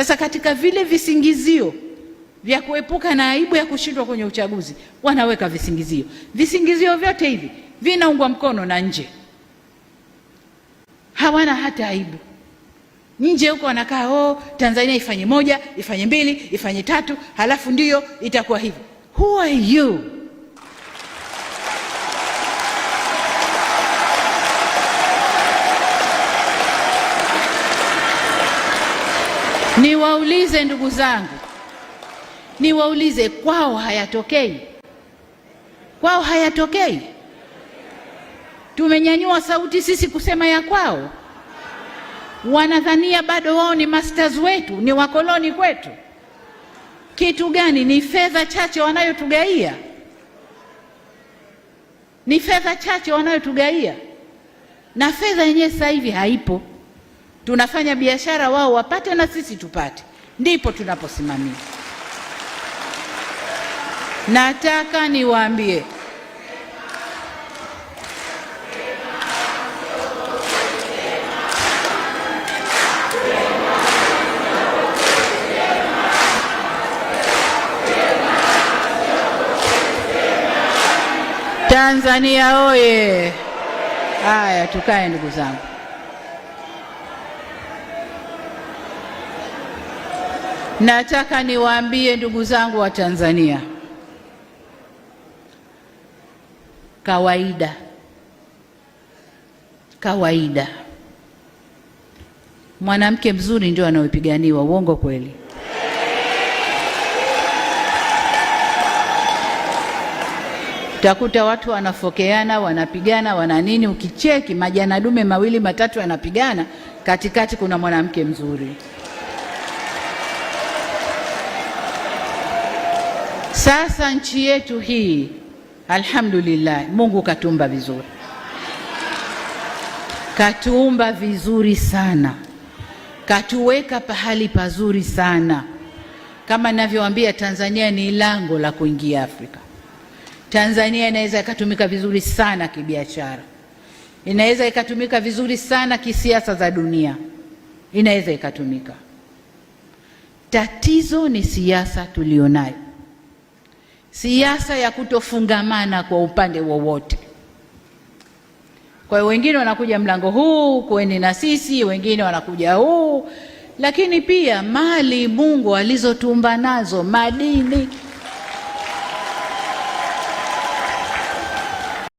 Sasa katika vile visingizio vya kuepuka na aibu ya kushindwa kwenye uchaguzi wanaweka visingizio. Visingizio vyote hivi vinaungwa mkono na nje, hawana hata aibu. Nje huko wanakaa oh, Tanzania ifanye moja, ifanye mbili, ifanye tatu, halafu ndiyo itakuwa hivyo. Who are you? Niwaulize ndugu zangu, niwaulize, kwao hayatokei? Kwao hayatokei? Tumenyanyua sauti sisi kusema ya kwao, wanadhania bado wao ni masters wetu, ni wakoloni kwetu. Kitu gani? Ni fedha chache wanayotugaia, ni fedha chache wanayotugaia, na fedha yenyewe sasa hivi haipo tunafanya biashara, wao wapate na sisi tupate, ndipo tunaposimamia. Nataka niwaambie Tanzania oye! Haya, tukae ndugu zangu. Nataka niwaambie ndugu zangu wa Tanzania, kawaida kawaida, mwanamke mzuri ndio anayepiganiwa. Uongo kweli? Utakuta watu wanafokeana, wanapigana, wana nini. Ukicheki majana dume mawili matatu yanapigana, katikati kuna mwanamke mzuri. Sasa nchi yetu hii alhamdulillah, Mungu katuumba vizuri, katuumba vizuri sana, katuweka pahali pazuri sana. Kama ninavyowaambia, Tanzania ni lango la kuingia Afrika. Tanzania inaweza ikatumika vizuri sana kibiashara, inaweza ikatumika vizuri sana kisiasa za dunia, inaweza ikatumika. Tatizo ni siasa tulionayo siasa ya kutofungamana kwa upande wowote. Kwa hiyo wengine wanakuja mlango huu, kweni na sisi, wengine wanakuja huu, lakini pia mali Mungu alizotumba nazo madini